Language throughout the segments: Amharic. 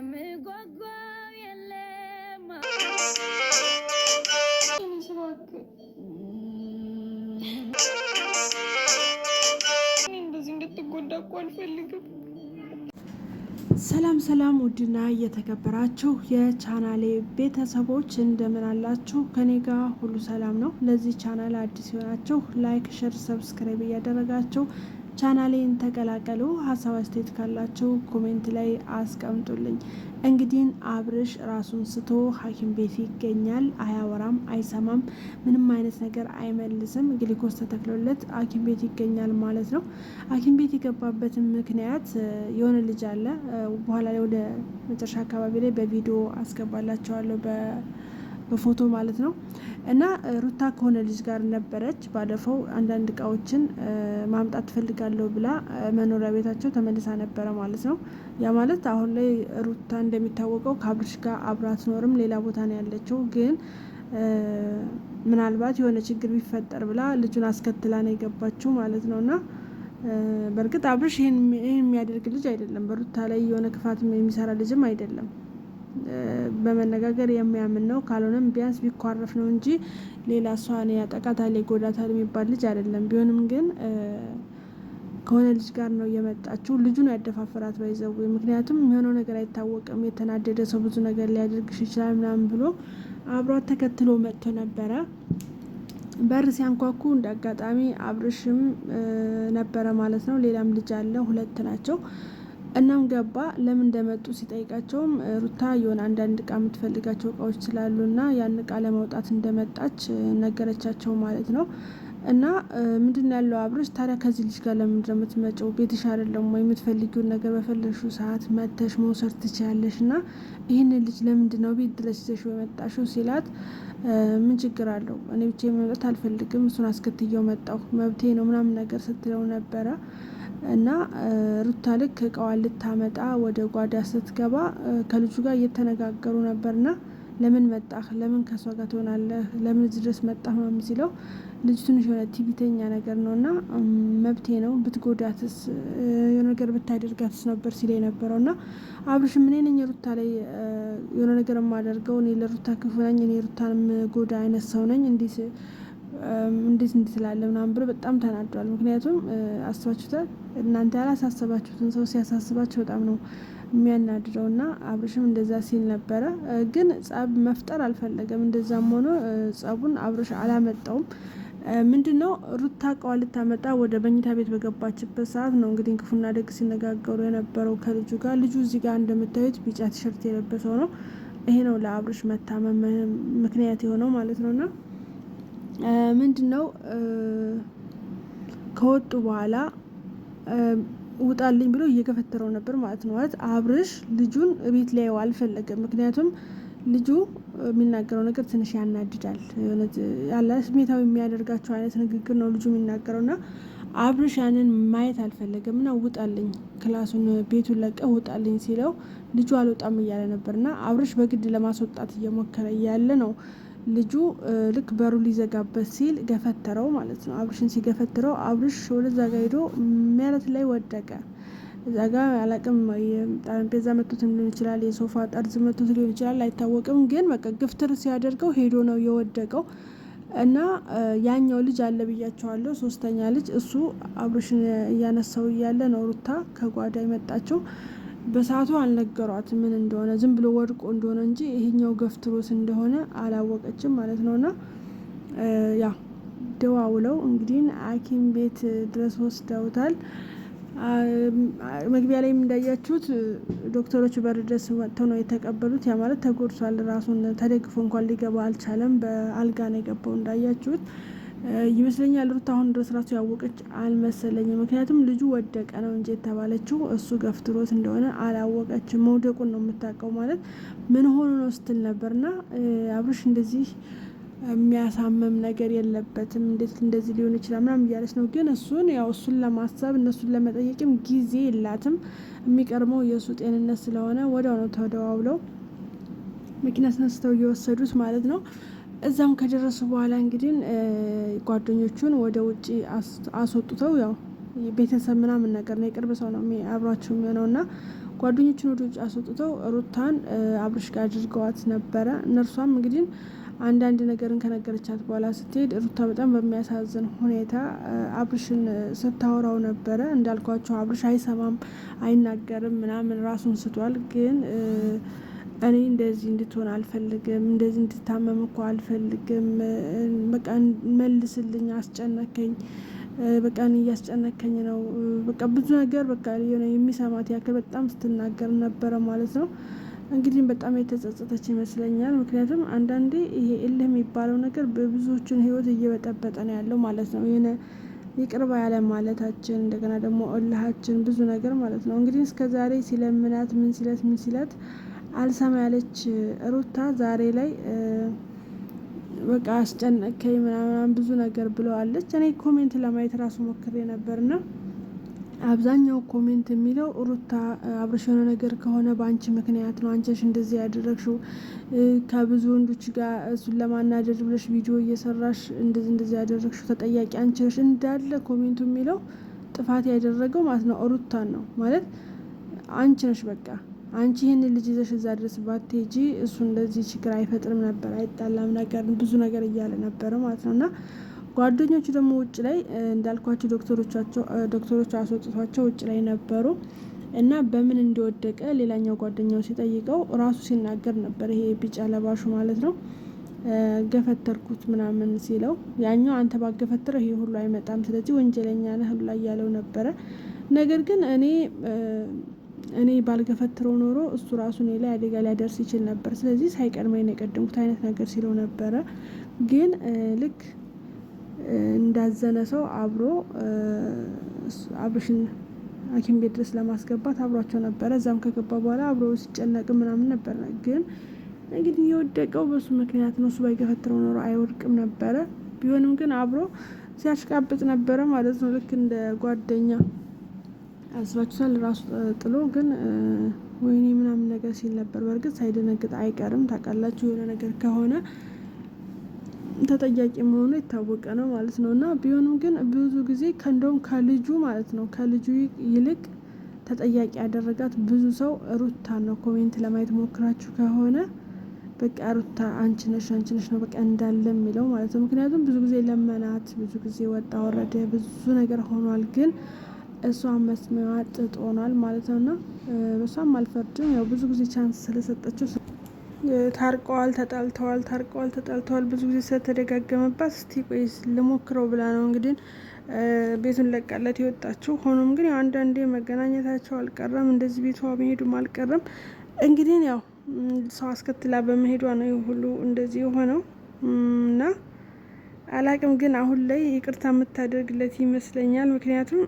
የምጓጓው የለም። እንደዚህ እንድትጎዳ እኮ አልፈልግም። ሰላም ሰላም፣ ውድና እየተከበራችሁ የቻናሌ ቤተሰቦች እንደምን አላችሁ? ከኔ ጋር ሁሉ ሰላም ነው። ለዚህ ቻናል አዲስ የሆናችሁ ላይክ፣ ሸር፣ ሰብስክራይብ እያደረጋችሁ ቻናሌን ተቀላቀሉ። ሀሳብ አስተያየት ካላችሁ ኮሜንት ላይ አስቀምጡልኝ። እንግዲህ አብርሽ ራሱን ስቶ ሐኪም ቤት ይገኛል። አያወራም፣ አይሰማም፣ ምንም አይነት ነገር አይመልስም። ግሊኮስ ተተክሎለት ሐኪም ቤት ይገኛል ማለት ነው። ሐኪም ቤት የገባበትን ምክንያት የሆነ ልጅ አለ። በኋላ ላይ ወደ መጨረሻ አካባቢ ላይ በቪዲዮ አስገባላቸዋለሁ። በፎቶ ማለት ነው። እና ሩታ ከሆነ ልጅ ጋር ነበረች። ባለፈው አንዳንድ እቃዎችን ማምጣት ትፈልጋለሁ ብላ መኖሪያ ቤታቸው ተመልሳ ነበረ ማለት ነው። ያ ማለት አሁን ላይ ሩታ እንደሚታወቀው ከአብርሽ ጋር አብራ አትኖርም፣ ሌላ ቦታ ነው ያለችው ግን ምናልባት የሆነ ችግር ቢፈጠር ብላ ልጁን አስከትላ ነው የገባችው ማለት ነው። እና በእርግጥ አብርሽ ይህን የሚያደርግ ልጅ አይደለም። በሩታ ላይ የሆነ ክፋት የሚሰራ ልጅም አይደለም። በመነጋገር የሚያምን ነው። ካልሆነም ቢያንስ ቢኳረፍ ነው እንጂ ሌላ እሷን ያጠቃታል ይጎዳታል የሚባል ልጅ አይደለም። ቢሆንም ግን ከሆነ ልጅ ጋር ነው እየመጣችው። ልጁን ያደፋፈራት ባይዘው። ምክንያቱም የሆነው ነገር አይታወቅም። የተናደደ ሰው ብዙ ነገር ሊያደርግሽ ይችላል ምናምን ብሎ አብሯት ተከትሎ መጥቶ ነበረ። በር ሲያንኳኩ እንደ አጋጣሚ አብርሽም ነበረ ማለት ነው። ሌላም ልጅ አለ። ሁለት ናቸው። እናም ገባ። ለምን እንደመጡ ሲጠይቃቸውም ሩታ የሆነ አንዳንድ እቃ የምትፈልጋቸው እቃዎች ስላሉ ና ያን እቃ ለመውጣት እንደመጣች ነገረቻቸው ማለት ነው። እና ምንድን ያለው አብርሽ ታዲያ ከዚህ ልጅ ጋር ለምንድን ነው የምትመጪው? ቤትሽ አይደለም ወይ? የምትፈልጊውን ነገር በፈለሹ ሰዓት መተሽ መውሰድ ትችያለሽ። እና ይህንን ልጅ ለምንድን ነው ቤት ድረስ ይዘሽው የመጣሽው ሲላት ምን ችግር አለው? እኔ ብቻ መምጣት አልፈልግም፣ እሱን አስከትየው መጣሁ፣ መብቴ ነው ምናምን ነገር ስትለው ነበረ እና ሩታ ልክ እቃዋን ልታመጣ ወደ ጓዳ ስትገባ ከልጁ ጋር እየተነጋገሩ ነበርና ለምን መጣህ? ለምን ከእሷ ጋር ትሆናለህ? ለምን እዚህ ድረስ መጣህ? ነው ሲለው ልጅ ትንሽ የሆነ ቲቪተኛ ነገር ነው እና መብቴ ነው ብትጎዳትስ፣ የሆነ ነገር ብታደርጋትስ ነበር ሲል የነበረው እና አብርሽም እኔ ነኝ ሩታ ላይ የሆነ ነገር የማደርገው እኔ ለሩታ ክፉ ነኝ፣ እኔ ሩታን የምጎዳ አይነት ሰው ነኝ እንዲህ እንዴት እንዴት ላለ ምናምን ብሎ በጣም ተናዷል። ምክንያቱም አስባችሁታል እናንተ ያላሳሰባችሁትን ሰው ሲያሳስባችሁ በጣም ነው የሚያናድደው እና አብርሽም እንደዛ ሲል ነበረ። ግን ጸብ መፍጠር አልፈለገም። እንደዛም ሆኖ ጸቡን አብርሽ አላመጣውም። ምንድ ነው ሩታ ቀዋ ልታመጣ ወደ መኝታ ቤት በገባችበት ሰዓት ነው እንግዲህ ክፉና ደግ ሲነጋገሩ የነበረው ከልጁ ጋር። ልጁ እዚህ ጋር እንደምታዩት ቢጫ ቲሸርት የለበሰው ነው። ይሄ ነው ለአብርሽ መታመም ምክንያት የሆነው ማለት ነውና ምንድን ነው ከወጡ በኋላ ውጣልኝ ብሎ እየገፈተረው ነበር ማለት ነው። ማለት አብርሽ ልጁን ቤት ላይ አልፈለገም። ምክንያቱም ልጁ የሚናገረው ነገር ትንሽ ያናድዳል። ያለ ስሜታዊ የሚያደርጋቸው አይነት ንግግር ነው ልጁ የሚናገረው እና አብርሽ ያንን ማየት አልፈለገም እና ውጣልኝ፣ ክላሱን ቤቱን ለቀ ውጣልኝ ሲለው ልጁ አልወጣም እያለ ነበር እና አብርሽ በግድ ለማስወጣት እየሞከረ እያለ ነው ልጁ ልክ በሩ ሊዘጋበት ሲል ገፈተረው ማለት ነው። አብርሽን ሲገፈትረው አብርሽ ወደዛ ጋ ሄዶ መሬት ላይ ወደቀ። እዛ ጋ አላቅም ጠረጴዛ መቶትም ሊሆን ይችላል፣ የሶፋ ጠርዝ መቶት ሊሆን ይችላል፣ አይታወቅም። ግን በቃ ግፍትር ሲያደርገው ሄዶ ነው የወደቀው እና ያኛው ልጅ አለ ብያቸዋለሁ፣ ሶስተኛ ልጅ እሱ አብርሽን እያነሳው እያለ ነው ሩታ ከጓዳ ይመጣቸው። በሰዓቱ አልነገሯት ምን እንደሆነ ዝም ብሎ ወድቆ እንደሆነ እንጂ ይሄኛው ገፍትሮት እንደሆነ አላወቀችም ማለት ነው። እና ያ ደዋውለው እንግዲህ ሐኪም ቤት ድረስ ወስደውታል። መግቢያ ላይም እንዳያችሁት ዶክተሮቹ በር ድረስ መጥተው ነው የተቀበሉት። ያ ማለት ተጎድቷል፣ ራሱን ተደግፎ እንኳን ሊገባ አልቻለም። በአልጋ ነው የገባው እንዳያችሁት ይመስለኛል ሩት አሁን ድረስ ራሱ ያወቀች አልመሰለኝም። ምክንያቱም ልጁ ወደቀ ነው እንጂ የተባለችው እሱ ገፍትሮት እንደሆነ አላወቀችም። መውደቁን ነው የምታውቀው። ማለት ምን ሆኖ ነው ስትል ነበርና አብርሽ እንደዚህ የሚያሳምም ነገር የለበትም፣ እንዴት እንደዚህ ሊሆን ይችላል ምናምን እያለች ነው። ግን እሱን ያው እሱን ለማሰብ እነሱን ለመጠየቅም ጊዜ የላትም። የሚቀርመው የእሱ ጤንነት ስለሆነ ወዲያው ነው ተደዋውለው መኪና ተነስተው እየወሰዱት ማለት ነው። እዛም ከደረሱ በኋላ እንግዲህ ጓደኞቹን ወደ ውጭ አስወጡተው ያው ቤተሰብ ምናምን ነገር ነው፣ የቅርብ ሰው ነው አብሯቸው የሚሆነው እና ጓደኞቹን ወደ ውጭ አስወጡተው ሩታን አብርሽ ጋር አድርገዋት ነበረ። እነርሷም እንግዲህ አንዳንድ ነገርን ከነገረቻት በኋላ ስትሄድ ሩታ በጣም በሚያሳዝን ሁኔታ አብርሽን ስታወራው ነበረ። እንዳልኳቸው አብርሽ አይሰማም፣ አይናገርም፣ ምናምን ራሱን ስቷል ግን እኔ እንደዚህ እንድትሆን አልፈልግም፣ እንደዚህ እንድታመም እኮ አልፈልግም፣ በቃ መልስልኝ፣ አስጨነከኝ፣ በቃ እያስጨነከኝ ነው፣ በቃ ብዙ ነገር በቃ የሆነ የሚሰማት ያክል በጣም ስትናገር ነበረ ማለት ነው። እንግዲህ በጣም የተጸጸተች ይመስለኛል። ምክንያቱም አንዳንዴ ይሄ እልህ የሚባለው ነገር በብዙዎችን ህይወት እየበጠበጠ ነው ያለው ማለት ነው። የሆነ ይቅርባ ያለ ማለታችን እንደገና ደግሞ እልሃችን ብዙ ነገር ማለት ነው። እንግዲህ እስከዛሬ ሲለምናት ምን ሲለት ምን ሲለት አልሰማ ያለች ሩታ ዛሬ ላይ በቃ አስጨነቀኝ ምናምን ብዙ ነገር ብለዋለች። እኔ ኮሜንት ለማየት ራሱ ሞክሬ ና አብዛኛው ኮሜንት የሚለው ሩታ አብርሽ የሆነ ነገር ከሆነ በአንቺ ምክንያት ነው፣ አንቺሽ እንደዚህ ያደረግሽው ከብዙ ወንዶች ጋር እሱን ለማናደድ ብለሽ ቪዲዮ እየሰራሽ እንደዚህ እንደዚህ ያደረግሽው ተጠያቂ አንቺ እንዳለ ኮሜንቱ የሚለው ጥፋት ያደረገው ማለት ነው ሩታን ነው ማለት አንቺ ነሽ በቃ አንቺ ይህን ልጅ ይዘሽ እዛ ድረስ ባትሄጂ እሱ እንደዚህ ችግር አይፈጥርም ነበር፣ አይጣላም ነገር ብዙ ነገር እያለ ነበረ ማለት ነው እና ጓደኞቹ ደግሞ ውጭ ላይ እንዳልኳቸው ዶክተሮቹ አስወጥቷቸው ውጭ ላይ ነበሩ እና በምን እንደወደቀ ሌላኛው ጓደኛው ሲጠይቀው ራሱ ሲናገር ነበር። ይሄ ቢጫ ለባሹ ማለት ነው ገፈተርኩት ምናምን ሲለው ያኛው አንተ ባገፈተረ ይሄ ሁሉ አይመጣም፣ ስለዚህ ወንጀለኛ ነህ ብላ እያለው ነበረ። ነገር ግን እኔ እኔ ባልገፈትረው ኖሮ እሱ ራሱ እኔ ላይ አደጋ ሊያደርስ ይችል ነበር። ስለዚህ ሳይቀድመኝ ነው የቀደምኩት አይነት ነገር ሲለው ነበረ። ግን ልክ እንዳዘነ ሰው አብሮ አብርሽን ሐኪም ቤት ድረስ ለማስገባት አብሯቸው ነበረ። እዛም ከገባ በኋላ አብሮ ሲጨነቅ ምናምን ነበረ። ግን እንግዲህ የወደቀው በሱ ምክንያት ነው። እሱ ባይገፈትረው ኖሮ አይወድቅም ነበረ። ቢሆንም ግን አብሮ ሲያሽቃብጥ ነበረ ማለት ነው ልክ እንደ ጓደኛ አስባችሁታል። ራሱ ጥሎ ግን ወይኔ ምናምን ነገር ሲል ነበር። በእርግጥ ሳይደነግጥ አይቀርም። ታውቃላችሁ፣ የሆነ ነገር ከሆነ ተጠያቂ መሆኑ የታወቀ ነው ማለት ነው። እና ቢሆንም ግን ብዙ ጊዜ ከእንደውም ከልጁ ማለት ነው ከልጁ ይልቅ ተጠያቂ ያደረጋት ብዙ ሰው ሩታ ነው። ኮሜንት ለማየት ሞክራችሁ ከሆነ በቃ ሩታ አንቺ ነሽ አንቺ ነሽ ነው በቃ እንዳለ የሚለው ማለት ነው። ምክንያቱም ብዙ ጊዜ ለመናት፣ ብዙ ጊዜ ወጣ ወረደ፣ ብዙ ነገር ሆኗል ግን እሷ መስሚያ ጥጥ ሆኗል ማለት ነው። እና እሷም አልፈርድም። ያው ብዙ ጊዜ ቻንስ ስለሰጠችው ታርቀዋል፣ ተጣልተዋል፣ ታርቀዋል፣ ተጣልተዋል ብዙ ጊዜ ስለተደጋገመባት እስቲ ቆይ ልሞክረው ብላ ነው እንግዲህ ቤቱን ለቃለት የወጣችው። ሆኖም ግን አንዳንዴ መገናኘታቸው አልቀረም፣ እንደዚህ ቤቷ መሄዱም አልቀረም። እንግዲህ ያው ሰው አስከትላ በመሄዷ ነው ሁሉ እንደዚህ የሆነው እና አላቅም ግን አሁን ላይ ይቅርታ የምታደርግለት ይመስለኛል። ምክንያቱም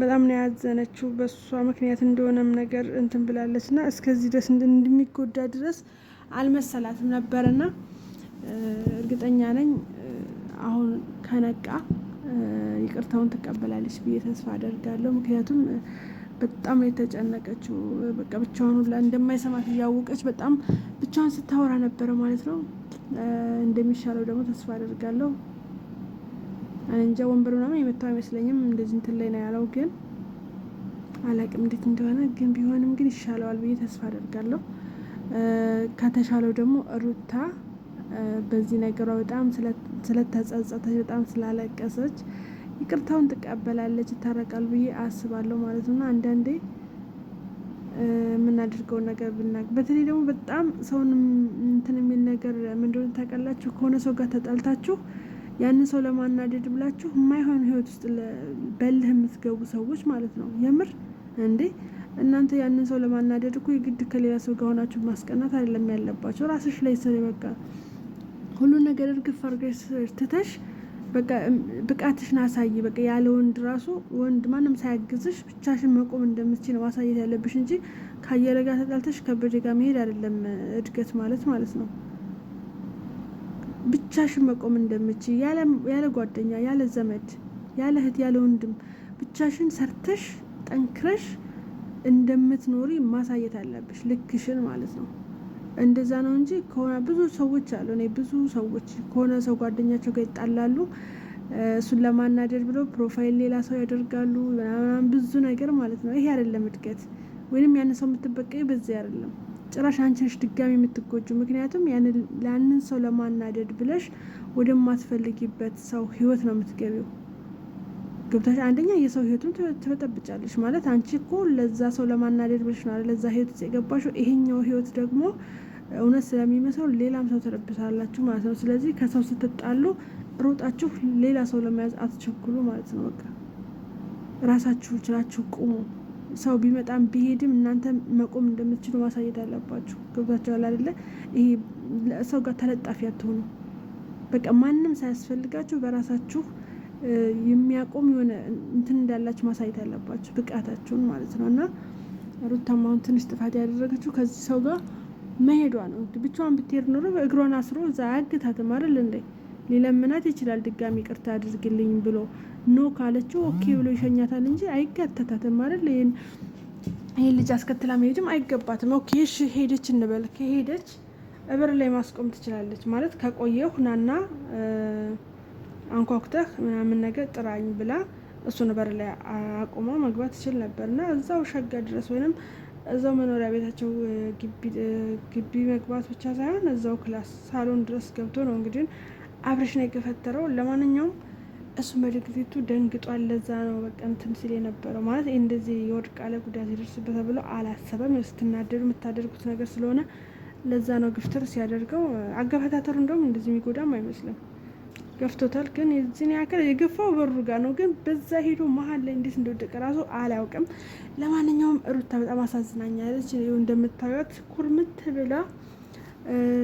በጣም ነው ያዘነችው በእሷ ምክንያት እንደሆነም ነገር እንትን ብላለች ና እስከዚህ ድረስ እንደሚጎዳ ድረስ አልመሰላትም ና እርግጠኛ ነኝ አሁን ከነቃ ይቅርታውን ትቀበላለች ብዬ ተስፋ አደርጋለሁ። ምክንያቱም በጣም የተጨነቀችው። በቃ ብቻዋን ሁላ እንደማይሰማት እያወቀች በጣም ብቻዋን ስታወራ ነበረ ማለት ነው። እንደሚሻለው ደግሞ ተስፋ አደርጋለሁ። እንጃ ወንበር ምናምን የመታው አይመስለኝም። እንደዚህ እንትን ላይ ነው ያለው፣ ግን አላቅም እንዴት እንደሆነ ግን ቢሆንም ግን ይሻለዋል ብዬ ተስፋ አደርጋለሁ። ከተሻለው ደግሞ ሩታ በዚህ ነገሯ በጣም ስለተጸጸተች በጣም ስላለቀሰች ይቅርታውን ትቀበላለች፣ ይታረቃል ብዬ አስባለሁ ማለት ነው። አንዳንዴ የምናደርገውን ነገር ብና በተለይ ደግሞ በጣም ሰውን እንትን የሚል ነገር ምንድን ታውቃላችሁ? ከሆነ ሰው ጋር ተጣልታችሁ ያንን ሰው ለማናደድ ብላችሁ የማይሆን ህይወት ውስጥ በልህ የምትገቡ ሰዎች ማለት ነው። የምር እንዴ እናንተ ያንን ሰው ለማናደድ እኮ የግድ ከሌላ ሰው ጋር ሆናችሁ ማስቀናት አይደለም ያለባቸው ራስሽ ላይ ስር በቃ ሁሉን ነገር እርግፍ አድርገሽ ትተሽ ብቃትሽን አሳይ። በቃ ያለ ወንድ ራሱ ወንድ ማንም ሳያግዝሽ ብቻሽን መቆም እንደምትችል ማሳየት ያለብሽ እንጂ ከአየለ ጋር ተጣልተሽ ከበደ ጋር መሄድ አይደለም እድገት ማለት ማለት ነው። ብቻሽን መቆም እንደምችል ያለ ጓደኛ፣ ያለ ዘመድ፣ ያለ እህት፣ ያለ ወንድም ብቻሽን ሰርተሽ ጠንክረሽ እንደምትኖሪ ማሳየት አለብሽ ልክሽን ማለት ነው። እንደዛ ነው እንጂ ከሆነ ብዙ ሰዎች አሉ። እኔ ብዙ ሰዎች ከሆነ ሰው ጓደኛቸው ጋር ይጣላሉ። እሱን ለማናደድ ብለው ፕሮፋይል ሌላ ሰው ያደርጋሉ ምናምን ብዙ ነገር ማለት ነው። ይሄ አይደለም እድገት፣ ወይንም ያን ሰው የምትበቀይ በዚህ አይደለም። ጭራሽ አንቺ ነሽ ድጋሚ የምትጎጁ። ምክንያቱም ያንን ሰው ለማናደድ ብለሽ ወደማትፈልጊበት ሰው ህይወት ነው የምትገቢው። ገብታሽ አንደኛ የሰው ህይወቱን ትበጠብጫለሽ። ማለት አንቺ እኮ ለዛ ሰው ለማናደድ ብለሽ ነው ለዛ ህይወት ውስጥ የገባሽው። ይሄኛው ህይወት ደግሞ እውነት ስለሚመስለው ሌላም ሰው ትረብሳላችሁ ማለት ነው። ስለዚህ ከሰው ስትጣሉ ሮጣችሁ ሌላ ሰው ለመያዝ አትቸኩሉ ማለት ነው። በቃ ራሳችሁ ችላችሁ ቁሙ። ሰው ቢመጣም ቢሄድም እናንተ መቆም እንደምትችሉ ማሳየት አለባችሁ። ገብታችኋል አይደለ? ይሄ ሰው ጋር ተለጣፊ አትሆኑ። በቃ ማንም ሳያስፈልጋችሁ በራሳችሁ የሚያቆም የሆነ እንትን እንዳላችሁ ማሳየት አለባችሁ፣ ብቃታችሁን ማለት ነው። እና ሩታም አሁን ትንሽ ጥፋት ያደረገችው ከዚህ ሰው ጋር መሄዷ ነው። ብቻዋን ብትሄድ ኖሮ እግሯን አስሮ እዛ አያግታትም አይደል እንዴ? ሊለምናት ይችላል፣ ድጋሚ ቅርታ አድርግልኝ ብሎ ኖ ካለችው ኦኬ ብሎ ይሸኛታል እንጂ አይጋተታትም አይደል? ይህን ይህን ልጅ አስከትላ መሄድም አይገባትም። ኦኬ እሺ ሄደች እንበል፣ ከሄደች እብር ላይ ማስቆም ትችላለች ማለት ከቆየ ሁናና አንኳኩተህ ምናምን ነገር ጥራኝ ብላ እሱን በር ላይ አቁማ መግባት ትችል ነበር እና እዛው ሸጋ ድረስ ወይንም እዛው መኖሪያ ቤታቸው ግቢ መግባት ብቻ ሳይሆን እዛው ክላስ ሳሎን ድረስ ገብቶ ነው እንግዲህ ነው የገፈተረው። ለማንኛውም እሱ መድግዜቱ ደንግጧል። ለዛ ነው በቃ እንትን ሲል የነበረው ማለት እንደዚህ የወድቃለ ጉዳት ይደርስበት ተብሎ አላሰበም። ስትናደዱ የምታደርጉት ነገር ስለሆነ ለዛ ነው ግፍትር ሲያደርገው። አገፈታተሩ እንደውም እንደዚህ የሚጎዳም አይመስልም። ገፍቶታል። ግን የዚህን ያክል የገፋው በሩ ጋር ነው። ግን በዛ ሄዶ መሀል ላይ እንዴት እንደወደቀ ራሱ አላውቅም። ለማንኛውም ሩታ በጣም አሳዝናኛለች። እንደምታዩት ኩርምት ብላ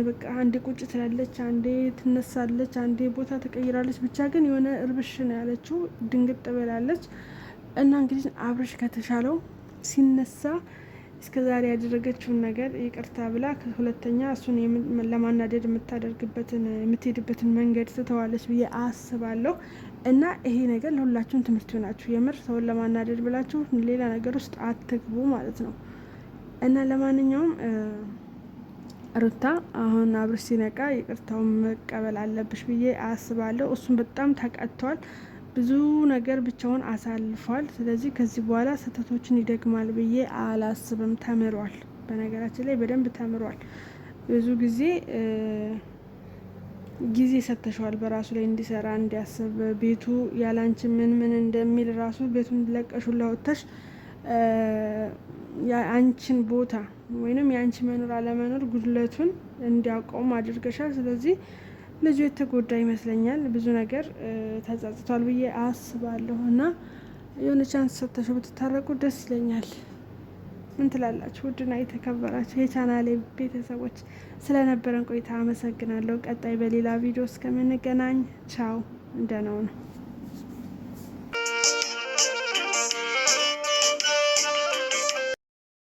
በቃ አንዴ ቁጭ ትላለች፣ አንዴ ትነሳለች፣ አንዴ ቦታ ትቀይራለች። ብቻ ግን የሆነ እርብሽ ነው ያለችው፣ ድንግጥ ብላለች። እና እንግዲህ አብርሽ ከተሻለው ሲነሳ እስከ ዛሬ ያደረገችውን ነገር ይቅርታ ብላ ሁለተኛ እሱን ለማናደድ የምታደርግበትን የምትሄድበትን መንገድ ትተዋለች ብዬ አስባለሁ። እና ይሄ ነገር ለሁላችሁም ትምህርት ይሆናችሁ። የምር ሰውን ለማናደድ ብላችሁ ሌላ ነገር ውስጥ አትግቡ ማለት ነው። እና ለማንኛውም ሩታ አሁን አብርሽ ሲነቃ ይቅርታውን መቀበል አለብሽ ብዬ አስባለሁ። እሱን በጣም ተቀጥቷል። ብዙ ነገር ብቻውን አሳልፏል። ስለዚህ ከዚህ በኋላ ስህተቶችን ይደግማል ብዬ አላስብም። ተምሯል፣ በነገራችን ላይ በደንብ ተምሯል። ብዙ ጊዜ ጊዜ ሰጥተሸዋል በራሱ ላይ እንዲሰራ እንዲያስብ። ቤቱ ያላንቺ ምን ምን እንደሚል ራሱ ቤቱን ለቀሹ ላወጥተሽ የአንቺን ቦታ ወይንም የአንቺ መኖር አለመኖር ጉድለቱን እንዲያውቀውም አድርገሻል። ስለዚህ ልጁ የተጎዳ ይመስለኛል። ብዙ ነገር ተጸጽቷል ብዬ አስባለሁ እና የሆነ ቻንስ ሰጥተሽው ብትታረቁ ደስ ይለኛል። ምን ትላላችሁ? ውድና የተከበራችሁ የቻናሌ ቤተሰቦች ስለነበረን ቆይታ አመሰግናለሁ። ቀጣይ በሌላ ቪዲዮ እስከምንገናኝ ቻው። እንደነው ነው